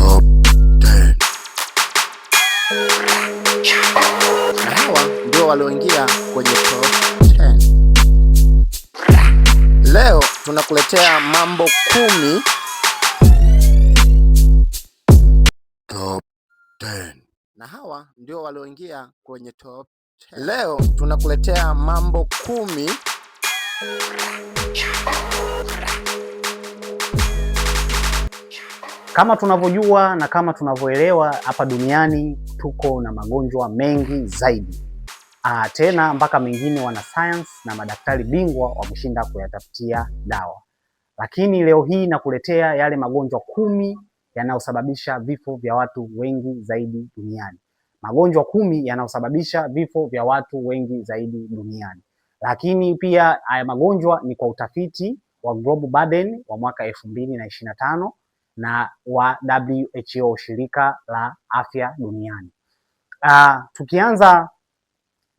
Na hawa ndio walioingia kwenye top 10. Leo tunakuletea mambo kumi top 10. Na hawa ndio walioingia kwenye top 10. Leo tunakuletea mambo kumi kama tunavyojua na kama tunavyoelewa hapa duniani tuko na magonjwa mengi zaidi. Aa, ah, tena mpaka mengine science na madaktari bingwa wameshinda kuyatafutia dawa, lakini leo hii nakuletea yale magonjwa kumi yanayosababisha vifo vya watu wengi zaidi duniani. Magonjwa kumi yanayosababisha vifo vya watu wengi zaidi duniani, lakini pia haya magonjwa ni kwa utafiti wa Global Burden wa mwaka elfu mbili na ishirini na tano na wa WHO shirika la afya duniani. Uh, tukianza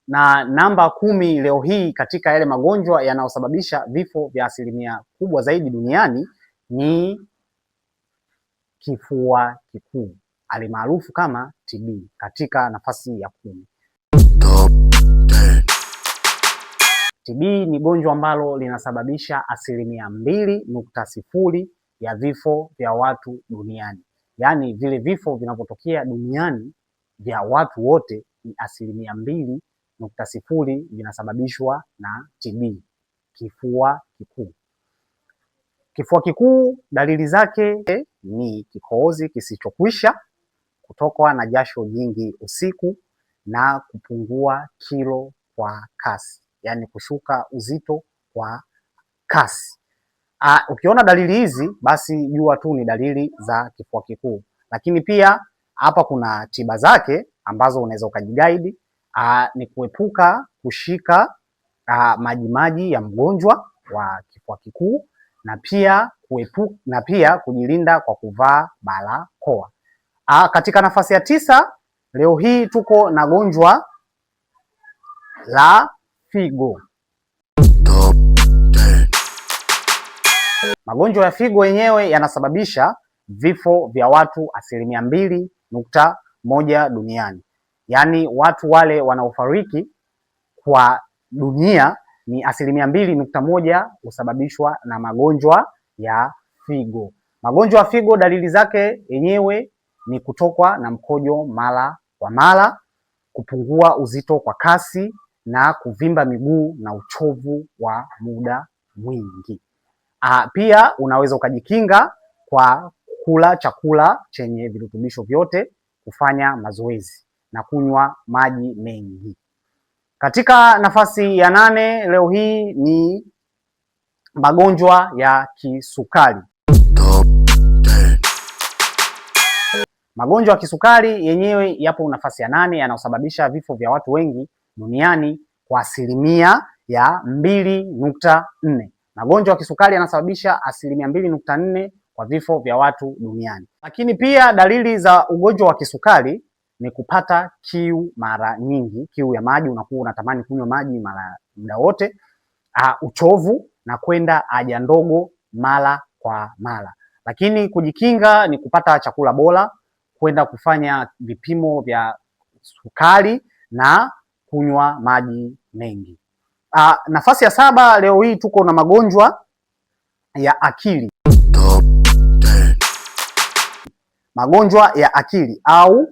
na namba kumi leo hii katika yale magonjwa yanayosababisha vifo vya asilimia kubwa zaidi duniani ni kifua kikuu alimaarufu kama TB katika nafasi ya kumi. TB ni gonjwa ambalo linasababisha asilimia mbili nukta sifuri ya vifo vya watu duniani, yaani vile vifo vinavyotokea duniani vya watu wote ni asilimia mbili nukta sifuri vinasababishwa na TB, kifua kikuu. Kifua kikuu dalili zake ni kikohozi kisichokwisha, kutokwa na jasho nyingi usiku na kupungua kilo kwa kasi, yaani kushuka uzito kwa kasi. Aa, ah, ukiona dalili hizi basi jua tu ni dalili za kifua kikuu, lakini pia hapa kuna tiba zake ambazo unaweza ukajigaidi. Ah, ni kuepuka kushika ah, majimaji ya mgonjwa wa kifua kikuu na pia kuepu, na pia kujilinda kwa kuvaa barakoa. Katika nafasi ya tisa leo hii tuko na gonjwa la figo. Magonjwa ya figo yenyewe yanasababisha vifo vya watu asilimia mbili nukta moja duniani, yaani watu wale wanaofariki kwa dunia ni asilimia mbili nukta moja husababishwa na magonjwa ya figo. Magonjwa ya figo dalili zake yenyewe ni kutokwa na mkojo mara kwa mara, kupungua uzito kwa kasi na kuvimba miguu na uchovu wa muda mwingi. Uh, pia unaweza ukajikinga kwa kula chakula chenye virutubisho vyote, kufanya mazoezi na kunywa maji mengi. Katika nafasi ya nane leo hii ni magonjwa ya kisukari. Magonjwa ya kisukari yenyewe yapo nafasi ya nane yanayosababisha vifo vya watu wengi duniani kwa asilimia ya mbili nukta nne magonjwa ya wa kisukari anasababisha asilimia mbili nukta nne kwa vifo vya watu duniani. Lakini pia dalili za ugonjwa wa kisukari ni kupata kiu mara nyingi, kiu ya maji, unakuwa unatamani kunywa maji mara muda wote, uh, uchovu na kwenda haja ndogo mara kwa mara. Lakini kujikinga ni kupata chakula bora, kwenda kufanya vipimo vya sukari na kunywa maji mengi. Uh, nafasi ya saba leo hii tuko na magonjwa ya akili. Magonjwa ya akili au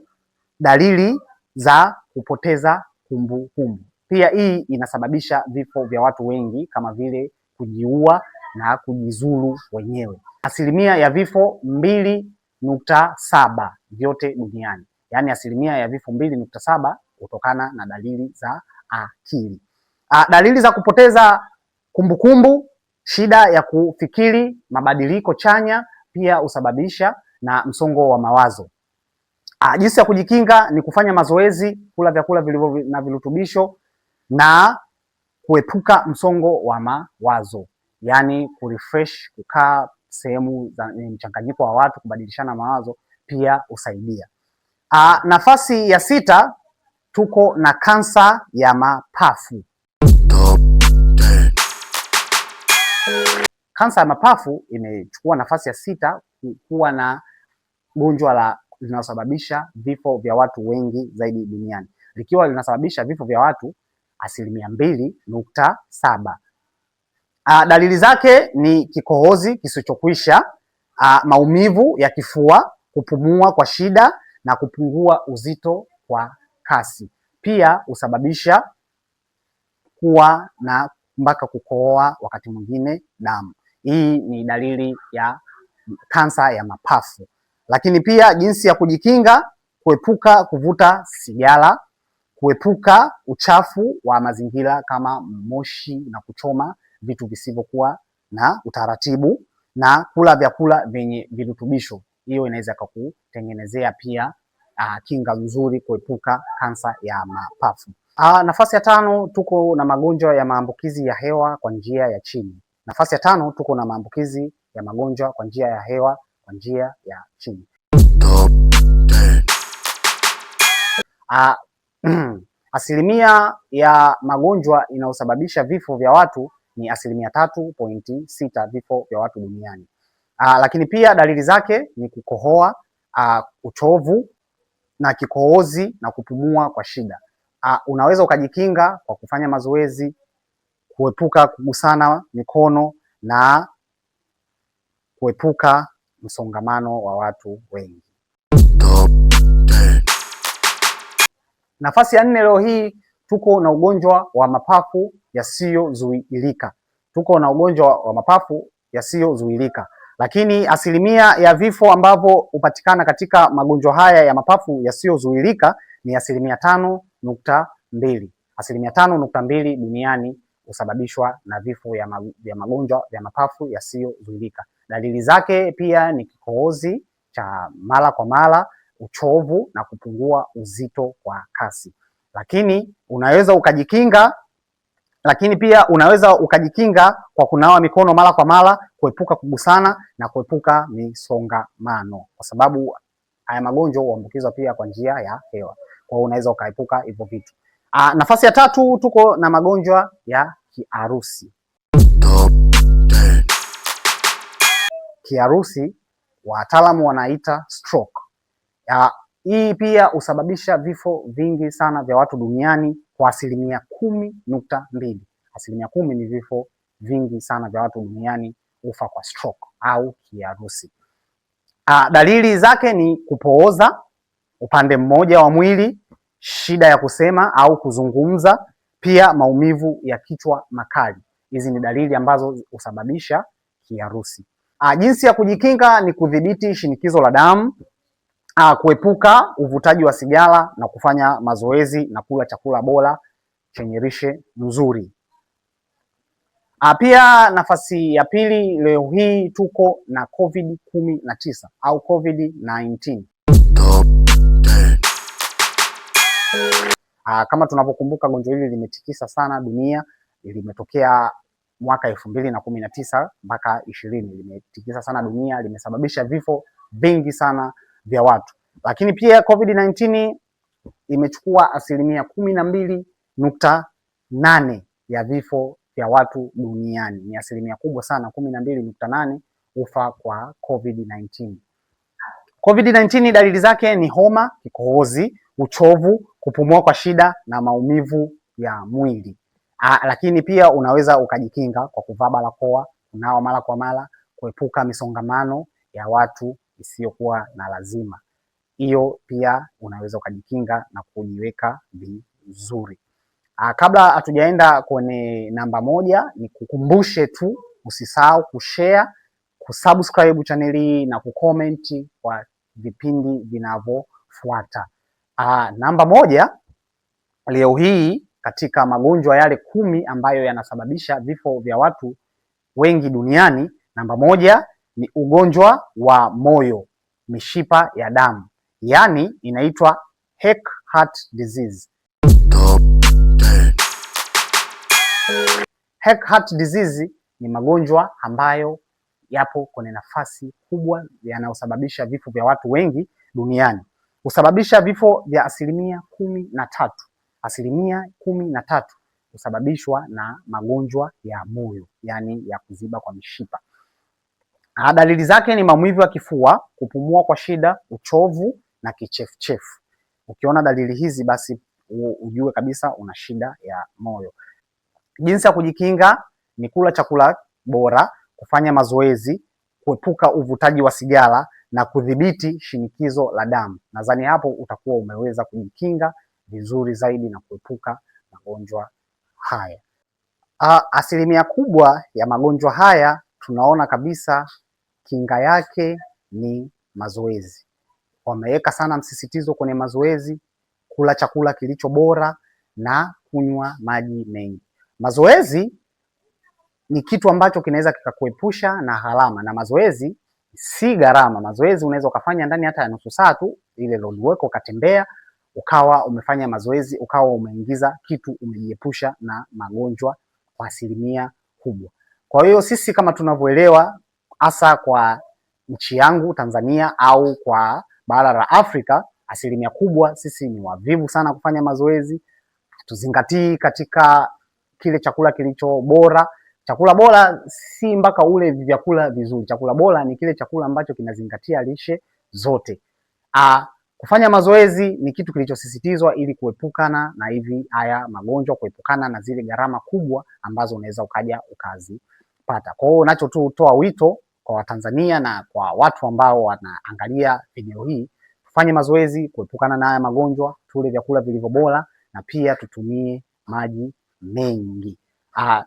dalili za kupoteza kumbukumbu kumbu. Pia hii inasababisha vifo vya watu wengi kama vile kujiua na kujizuru wenyewe. Asilimia ya vifo mbili nukta saba vyote duniani, yaani asilimia ya vifo mbili nukta saba kutokana na dalili za akili. Uh, dalili za kupoteza kumbukumbu kumbu, shida ya kufikiri, mabadiliko chanya pia husababisha na msongo wa mawazo. Uh, jinsi ya kujikinga ni kufanya mazoezi, kula vyakula vilivyo na virutubisho na kuepuka msongo wa mawazo, yaani kurefresh, kukaa sehemu za mchanganyiko wa watu, kubadilishana mawazo pia husaidia. Uh, nafasi ya sita tuko na kansa ya mapafu. Kansa ya mapafu imechukua nafasi ya sita kuwa na gonjwa la linalosababisha vifo vya watu wengi zaidi duniani likiwa linasababisha vifo vya watu asilimia mbili nukta saba. A, ah, dalili zake ni kikohozi kisichokwisha, ah, maumivu ya kifua, kupumua kwa shida na kupungua uzito kwa kasi. Pia husababisha kuwa na mpaka kukohoa, wakati mwingine damu. Hii ni dalili ya kansa ya mapafu. Lakini pia jinsi ya kujikinga: kuepuka kuvuta sigara, kuepuka uchafu wa mazingira kama moshi na kuchoma vitu visivyokuwa na utaratibu, na kula vyakula vyenye virutubisho. Hiyo inaweza kukutengenezea pia uh, kinga nzuri kuepuka kansa ya mapafu. Aa, ah, nafasi ya tano tuko na magonjwa ya maambukizi ya hewa kwa njia ya chini. Nafasi ya tano tuko na maambukizi ya magonjwa kwa njia ya hewa kwa njia ya chini. Ah, mm, asilimia ya magonjwa inayosababisha vifo vya watu ni asilimia tatu pointi sita vifo vya watu duniani. Aa, ah, lakini pia dalili zake ni kukohoa, aa, ah, uchovu na kikohozi na kupumua kwa shida a, ah, unaweza ukajikinga kwa kufanya mazoezi, kuepuka kugusana mikono na kuepuka msongamano wa watu wengi. Nafasi ya nne, leo hii tuko na ugonjwa wa mapafu yasiyozuilika. Tuko na ugonjwa wa mapafu yasiyozuilika, lakini asilimia ya vifo ambavyo hupatikana katika magonjwa haya ya mapafu yasiyozuilika ni asilimia tano nukta mbili asilimia tano nukta mbili duniani husababishwa na vifo vya magonjwa vya mapafu yasiyozuilika. Dalili zake pia ni kikohozi cha mara kwa mara, uchovu na kupungua uzito kwa kasi. Lakini unaweza ukajikinga, lakini pia unaweza ukajikinga kwa kunawa mikono mara kwa mara, kuepuka kugusana na kuepuka misongamano, kwa sababu haya magonjwa huambukizwa pia kwa njia ya hewa. Kwa hiyo unaweza ukaepuka hivyo vitu. Ah, nafasi ya tatu tuko na magonjwa ya kiharusi. Kiharusi wataalamu wanaita stroke. Ya, hii pia husababisha vifo vingi sana vya watu duniani kwa asilimia kumi nukta mbili. Asilimia kumi ni vifo vingi sana vya watu duniani ufa kwa stroke au kiharusi. Ah, dalili zake ni kupooza upande mmoja wa mwili, shida ya kusema au kuzungumza, pia maumivu ya kichwa makali. Hizi ni dalili ambazo husababisha kiharusi. Ah, jinsi ya kujikinga ni kudhibiti shinikizo la damu, ah, kuepuka uvutaji wa sigara na kufanya mazoezi na kula chakula bora chenye lishe nzuri. Ah, pia nafasi ya pili leo hii tuko na COVID kumi na tisa au COVID 19. Aa, ah, kama tunavyokumbuka gonjwa hili limetikisa sana dunia, limetokea mwaka elfu mbili na kumi na tisa mpaka ishirini, limetikisa sana dunia, limesababisha vifo vingi sana vya watu, lakini pia COVID-19 imechukua asilimia kumi na mbili nukta nane ya vifo vya watu duniani. Ni asilimia kubwa sana, kumi na mbili nukta nane ufa kwa COVID-19. COVID-19 dalili zake ni homa, kikohozi, uchovu, kupumua kwa shida na maumivu ya mwili. Aa, lakini pia unaweza ukajikinga kwa kuvaa barakoa, kunawa mara kwa mara, kuepuka misongamano ya watu isiyokuwa na lazima. Hiyo pia unaweza ukajikinga na kujiweka vizuri. Aa, kabla hatujaenda kwenye namba moja, ni kukumbushe tu usisahau kushare, kusubscribe chaneli hii na kucomment kwa vipindi vinavyofuata. Ah, namba moja leo hii katika magonjwa yale kumi ambayo yanasababisha vifo vya watu wengi duniani, namba moja ni ugonjwa wa moyo, mishipa ya damu, yaani inaitwa Heck heart disease. Heck heart disease ni magonjwa ambayo yapo kwenye nafasi kubwa yanayosababisha vifo vya watu wengi duniani husababisha vifo vya asilimia kumi na tatu. Asilimia kumi na tatu husababishwa na magonjwa ya moyo, yaani ya kuziba kwa mishipa. Ah, dalili zake ni maumivu ya kifua, kupumua kwa shida, uchovu na kichefuchefu. Ukiona dalili hizi, basi ujue kabisa una shida ya moyo. Jinsi ya kujikinga ni kula chakula bora, kufanya mazoezi, kuepuka uvutaji wa sigara na kudhibiti shinikizo la damu. Nadhani hapo utakuwa umeweza kujikinga vizuri zaidi na kuepuka magonjwa haya. A, asilimia kubwa ya magonjwa haya tunaona kabisa kinga yake ni mazoezi. Wameweka sana msisitizo kwenye mazoezi, kula chakula kilicho bora na kunywa maji mengi. Mazoezi ni kitu ambacho kinaweza kikakuepusha na gharama, na mazoezi si gharama. Mazoezi unaweza ukafanya ndani hata ya nusu saa tu, ile load work, ukatembea ukawa umefanya mazoezi, ukawa umeingiza kitu, umejiepusha na magonjwa kwa asilimia kubwa. Kwa hiyo sisi kama tunavyoelewa, hasa kwa nchi yangu Tanzania au kwa bara la Afrika, asilimia kubwa sisi ni wavivu sana kufanya mazoezi, hatuzingatii katika kile chakula kilicho bora Chakula bora si mpaka ule vyakula vizuri. Chakula bora ni kile chakula ambacho kinazingatia lishe zote. Aa, kufanya mazoezi ni kitu kilichosisitizwa ili kuepukana na hivi haya magonjwa, kuepukana na zile gharama kubwa ambazo unaweza ukaja ukazipata. Kwa hiyo nacho tu toa wito kwa Watanzania na kwa watu ambao wanaangalia video hii, tufanye mazoezi kuepukana na haya magonjwa, tule vyakula vilivyo bora na pia tutumie maji mengi. Aa,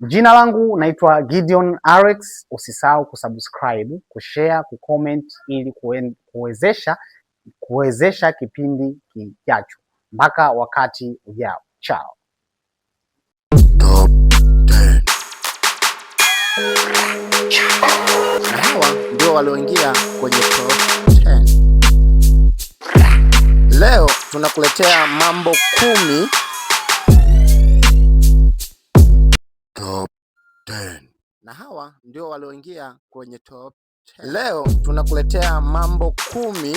Jina langu naitwa Gideon Rex. Usisahau kusubscribe, kushare, kucomment ili kuwezesha kuwezesha kipindi kijacho. Mpaka wakati ujao, chao. Na hawa ndio walioingia kwenye top 10. Leo tunakuletea mambo kumi hawa ndio walioingia kwenye top 10. Leo tunakuletea mambo kumi